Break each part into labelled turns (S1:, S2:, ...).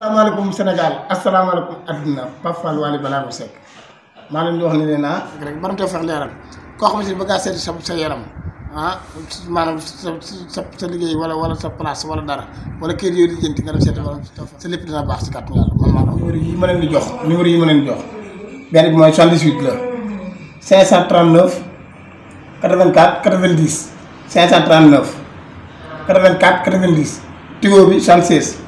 S1: asalaamaaleykum Sénégal asalaamaaleykum adduna Pape Fall Waly Ballago Seck maa leen wax ne leen ah rek mën nga fex leeral koo xam si bëgg a seeti sa sa yaram ah maanaam sa sa liggéey wala wala sa place wala dara wala kër yooyu di jënti nga dem seeti sa lépp dina baax si kàttan yàlla man maa numéro yi ma leen di jox numéro yi ma leen di jox benn bi mooy 78 la 539 84 90 539 84 90 tigo bi 76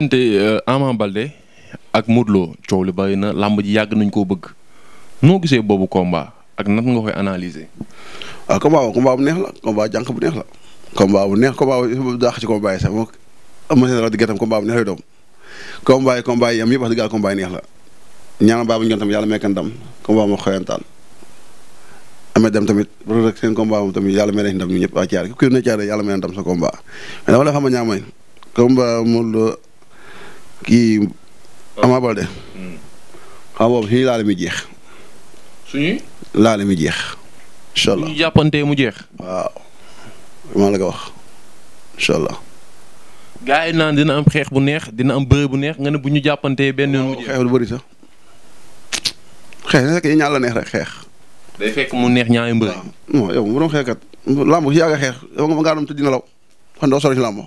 S2: diggante euh, Ama Baldé ak Modou Lo coow li bari na làmb ji yàgg nañ koo bëgg noo gisee boobu komba ak nan nga koy analyser. waaw ah, combat boobu combat bu neex la combat jànq bu neex la. combat bu neex combat bu daax ci combat yi sax moom am na seen rajo gerteem combat bu neex lay doom combat yi combat yi la ñaanal baabu ñu yàlla may kan ndam combat moo xoyantaan amee dem tamit loolu rek seen combat moom tamit yàlla may nañ ndam ñun ñëpp waa Thiaré ku ne Thiaré yàlla may ndam sa combat mais dama la xam ne ñaar mooy combat kii Ama Baldé. xam boobu suñuy laale mi jeex. suñuy. laale mi jeex. incha allah ñu jàppante mu jeex. waaw maa la ko wax incha allah. gaa yi naan dina am xeex bu neex dina am bëre bu neex nga ne bu ñu jàppante benn yoon. xeex lu bëri sax xeex na fekk ñaar la neex rek xeex. day fekk mu neex ñaari mbër. waaw non yow mu doon xeexkat làmb si yàgg xeex yow nga ma gàllankoor law xam doo sori si làmb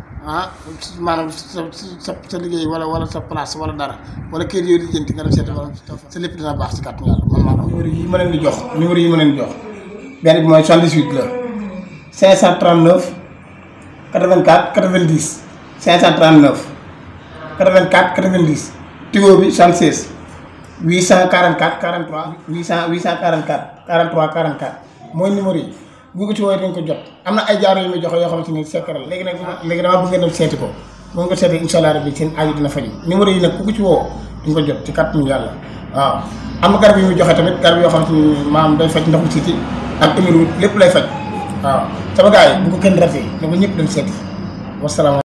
S1: ah maanaam sa sa sa liggéey wala wala sa place wala dara wala kër yooyu lijjanti nga dem seet wala sa lépp dina baax si kàttan yàlla yi ma leen di jox numéro yi ma leen di jox benn bi mooy 78 la 539 84 90 539 84 90 Tigo bi 76 844 43 800 844 43 mooy numéro bu ko ci woowee dañ ko jot am na ay jaaro yu muy joxe yoo xamante ni sekkaral léegi nag léegi dama bëgg a dem seeti ko moom nga seeti incha allah rabbi seen aaju dina faju yi am na garab yu muy joxe tamit garab yoo xamante ni maam day faj ndoxu siiti ak émiru lépp lay faj waaw sama gars yi bu ko kenn rafet na ko ñëpp dem seeti wasalaamaaleykum